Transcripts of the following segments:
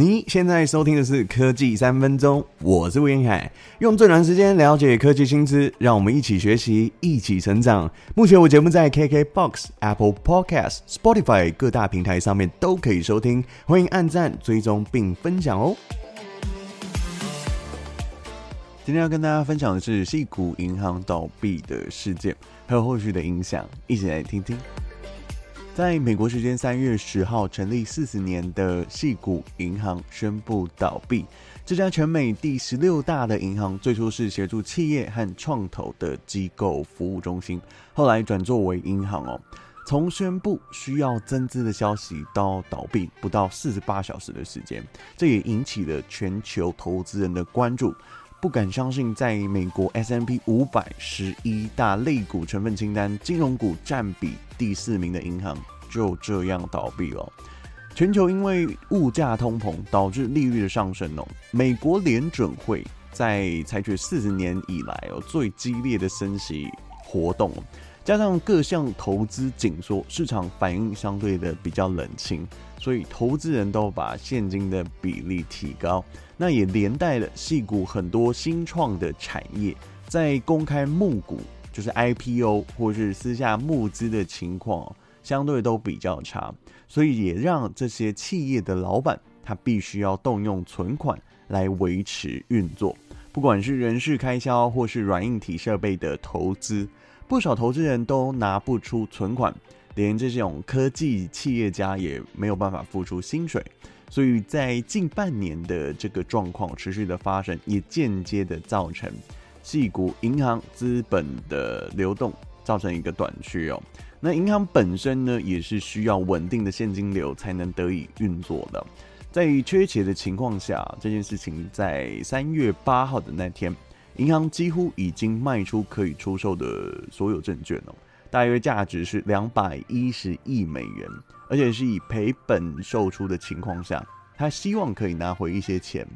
你現在收聽的是《科技三分鐘》，我是吳晏愷，用最短時間了解科技新知，讓我們一起學習，一起成長。目前我節目在 KK Box、Apple Podcast、Spotify 各大平台上面都可以收聽，歡迎按讚、追蹤並分享哦。今天要跟大家分享的是矽谷銀行倒閉的事件，還有後續的影響，一起來聽聽。在美國時間三月十號，成立四十年的矽谷銀行宣布倒閉。這家全美第十六大的銀行，最初是協助企業和創投的機構服務中心，後來轉作為銀行哦。從宣布需要增資的消息到倒閉，不到四十八小時的時間，這也引起了全球投資人的關注。不敢相信，在美國 S&P 五百十一大類股成分清單，金融股占比第四名的銀行，就這樣倒閉了哦。全球因為物價通膨導致利率的上升哦，美國聯準會在採取四十年以來哦最激烈的升息活動，加上各項投資緊縮，市場反應相對的比較冷清，所以投資人都把現金的比例提高。那也連帶了細股很多新創的產業，在公開募股就是 IPO 或是私下募資的情況，相對都比較差，所以也讓這些企業的老闆他必須要動用存款來維持運作，不管是人事開銷或是軟硬體設備的投資，不少投資人都拿不出存款，連這種科技企業家也沒有辦法付出薪水。所以在近半年的這個狀況持續的發生，也間接的造成，矽谷銀行資本的流動造成一個短缺哦。那銀行本身呢，也是需要穩定的現金流才能得以運作的。在缺錢的情況下，這件事情在三月八號的那天，銀行幾乎已經賣出可以出售的所有證券哦、喔，大約價值是兩百一十億美元。而且是以賠本售出的情況下，他希望可以拿回一些錢，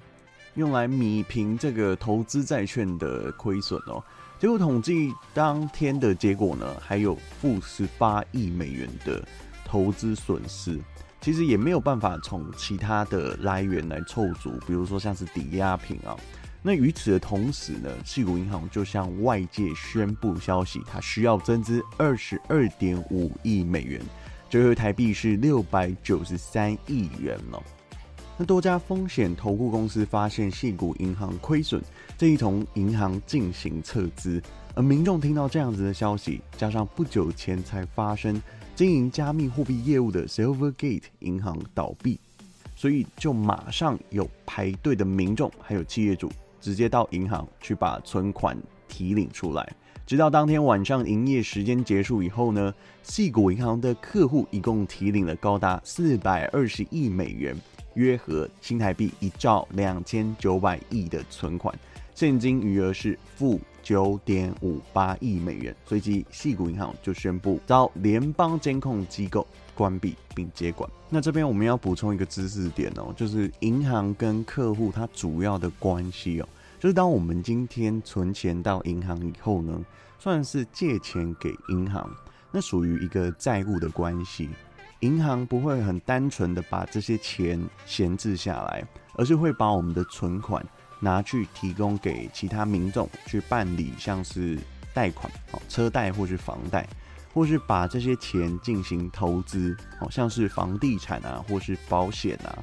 用來彌平這個投資債券的虧損哦。結果統計當天的結果呢，還有負十八億美元的投資損失，其實也沒有辦法從其他的來源來湊足，比如說像是抵押品啊。那與此的同時呢，矽谷銀行就向外界宣布消息，它需要增資二十二點五億美元。最後台幣是六百九十三億元嘍、哦。那多家風險投顧公司發現矽谷銀行虧損，正從銀行進行撤資。而民眾聽到這樣子的消息，加上不久前才發生經營加密貨幣業務的 Silvergate 銀行倒閉，所以就馬上有排隊的民眾還有企業主直接到銀行去把存款。提領出來，直到當天晚上營業時間結束以後呢，矽谷銀行的客戶一共提領了高達四百二十億美元，約合新台幣一兆兩千九百億的存款，現金餘額是負九點五八億美元。隨即，矽谷銀行就宣布遭聯邦監控機構關閉並接管。那這邊我們要補充一個知識點哦，就是銀行跟客戶它主要的關係哦。就是當我們今天存錢到銀行以後呢，算是借錢給銀行，那屬於一個債務的關係。銀行不會很單純的把這些錢閒置下來，而是會把我們的存款拿去提供給其他民眾去辦理，像是貸款、車貸或是房貸，或是把這些錢進行投資，好像是房地產啊，或是保險啊，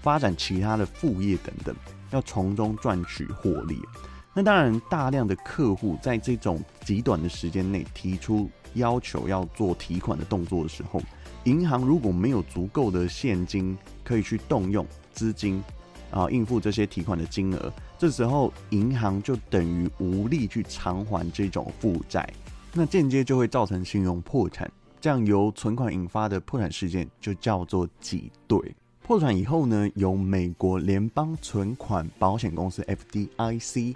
發展其他的副業等等。要從中賺取獲利，那當然，大量的客戶在這種極短的時間內提出要求要做提款的動作的時候，銀行如果沒有足夠的現金可以去動用資金，啊，應付這些提款的金額，這時候銀行就等於無力去償還這種負債，那間接就會造成信用破產，這樣由存款引發的破產事件就叫做擠兌。破產以後呢，由美國聯邦存款保險公司 FDIC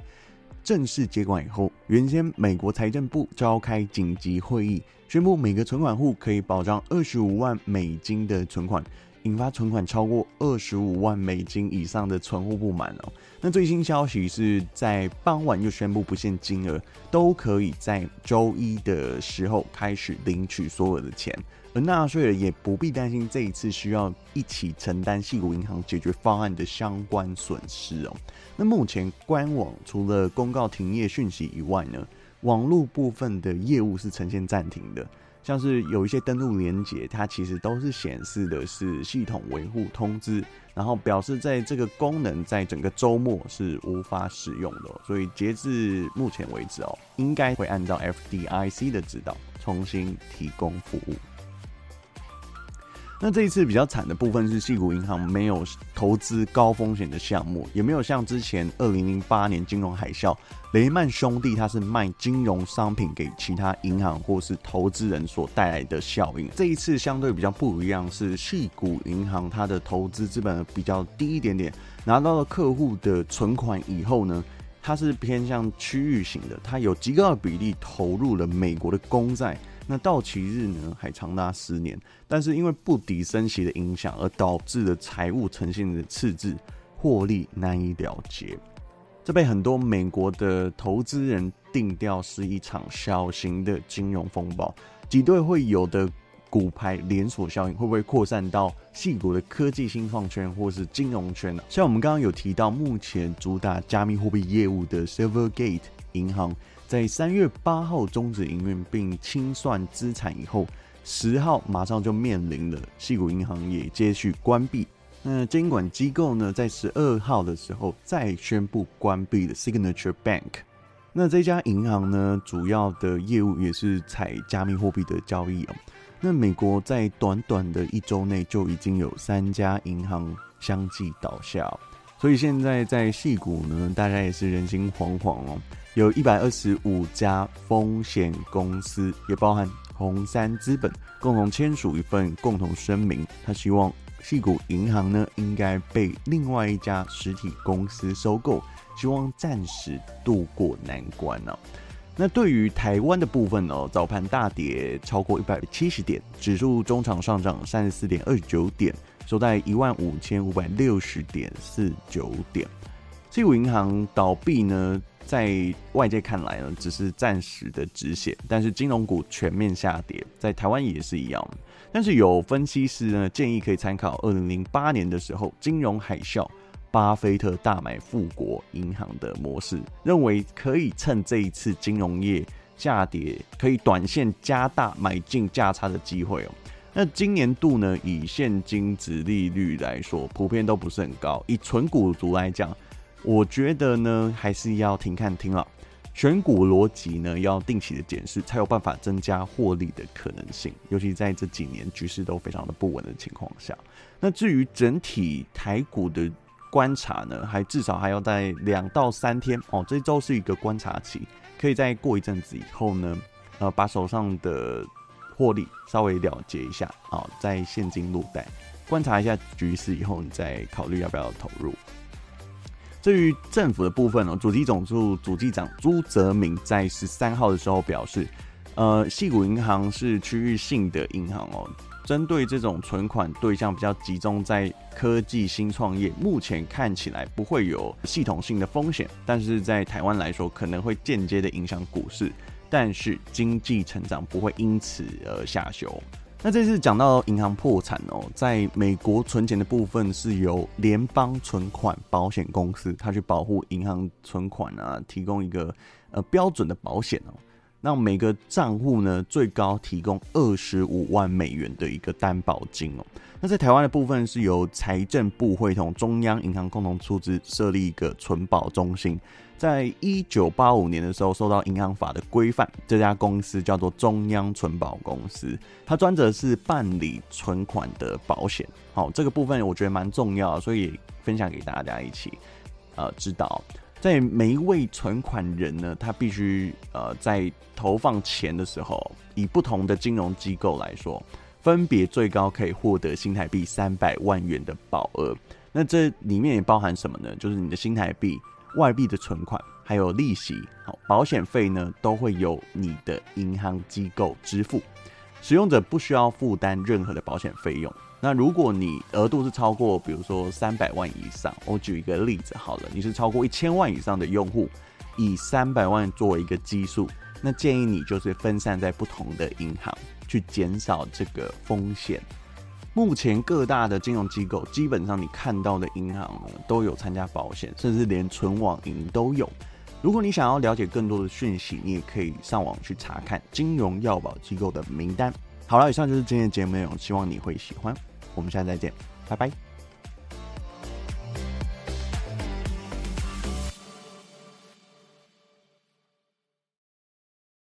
正式接管以後，原先美國財政部召開緊急會議，宣布每個存款戶可以保障二十五萬美金的存款。引發存款超過二十五萬美金以上的存戶不滿哦。那最新消息是在傍晚又宣布不限金額都可以在周一的時候開始領取所有的錢，而納稅人也不必擔心這一次需要一起承擔矽谷銀行解決方案的相關損失哦。那目前官網除了公告停業訊息以外呢，網絡部分的業務是呈現暫停的。像是有一些登錄連接，它其實都是顯示的是系統維護通知，然後表示在這個功能在整個周末是無法使用的。所以截至目前為止哦，應該會按照 FDIC 的指導重新提供服務。那這一次比較慘的部分是，矽谷銀行沒有投資高風險的項目，也沒有像之前二零零八年金融海嘯，雷曼兄弟他是賣金融商品給其他銀行或是投資人所帶來的效應。這一次相對比較不一樣是，矽谷銀行它的投資資本比較低一點點，拿到了客戶的存款以後呢，它是偏向區域型的，它有極高的比例投入了美國的公債。那到期日呢還長達十年，但是因為不敵升息的影響而導致的財務呈現的赤字，獲利難以了結，這被很多美國的投資人定調是一場小型的金融風暴，擠兌會有的骨牌連鎖效應會不會擴散到矽谷的科技新創圈或是金融圈呢、啊？像我們剛剛有提到，目前主打加密貨幣業務的 Silvergate 銀行。在三月八號終止營運並清算資產以後，十號馬上就面臨了，矽谷銀行也接續關閉。那監管機構呢，在十二號的時候再宣佈關閉了 Signature Bank。那這家銀行呢，主要的業務也是採加密貨幣的交易哦、喔。那美國在短短的一周內就已經有三家銀行相繼倒下、喔，所以現在在矽谷呢，大家也是人心惶惶哦、喔。有一百二十五家風險公司，也包含紅杉資本，共同簽署一份共同聲明。他希望矽谷銀行呢，應該被另外一家實體公司收購，希望暫時渡過難關啊，那對於台灣的部分呢、哦，早盤大跌超過一百七十點，指數中場上漲三十四點二九點，收在一萬五千五百六十點四九點。矽谷銀行倒閉呢，在外界看來呢，只是暫時的止血，但是金融股全面下跌，在台灣也是一樣。但是有分析師呢，建議可以參考二零零八年的時候金融海嘯，巴菲特大買富國銀行的模式，認為可以趁這一次金融業下跌，可以短線加大買進價差的機會喔。那今年度呢，以現金殖利率來說，普遍都不是很高，以存股族來講。我覺得呢，還是要停看聽了，選股邏輯呢，要定期的檢視，才有辦法增加獲利的可能性。尤其在這幾年局勢都非常的不穩的情況下，那至於整體台股的觀察呢，還至少還要在兩到三天哦，這周是一個觀察期，可以再過一陣子以後呢，呃，把手上的獲利稍微了結一下哦，在現金落袋觀察一下局勢以後，你再考慮要不要投入。至於政府的部分哦，主計總處、主計長朱澤民在十三號的時候表示，呃，矽谷銀行是區域性的銀行哦，針對這種存款對象比較集中在科技新創業，目前看起來不會有系統性的風險，但是在台灣來說，可能會間接的影響股市，但是經濟成長不會因此而下修。那這次講到銀行破產哦，在美國存錢的部分是由聯邦存款保險公司，它去保護銀行存款啊，提供一個呃標準的保險哦。那每個賬戶呢，最高提供二十五萬美元的一個擔保金哦。那在台灣的部分是由財政部會同中央銀行共同出資設立一個存保中心。在一九八五年的時候，受到銀行法的規範，這家公司叫做中央存保公司，它專責是辦理存款的保險。好，這個部分我覺得蠻重要的，所以也分享給大家一起，呃，知道，在每一位存款人呢，他必須呃在投放錢的時候，以不同的金融機構來說，分別最高可以獲得新台幣三百萬元的保額。那這裡面也包含什麼呢？就是你的新台幣。外幣的存款還有利息，好，保險費呢都會由你的銀行機構支付，使用者不需要負擔任何的保險費用。那如果你額度是超過，比如說三百萬以上，我舉一個例子好了，你是超過一千萬以上的用戶，以三百萬作為一個基數，那建議你就是分散在不同的銀行，去減少這個風險。目前各大的金融機構，基本上你看到的銀行都有參加保險，甚至連存網銀都有。如果你想要了解更多的訊息，你也可以上網去查看金融要保機構的名單。好了，以上就是今天的節目內容，希望你會喜歡。我們下次再見，拜拜。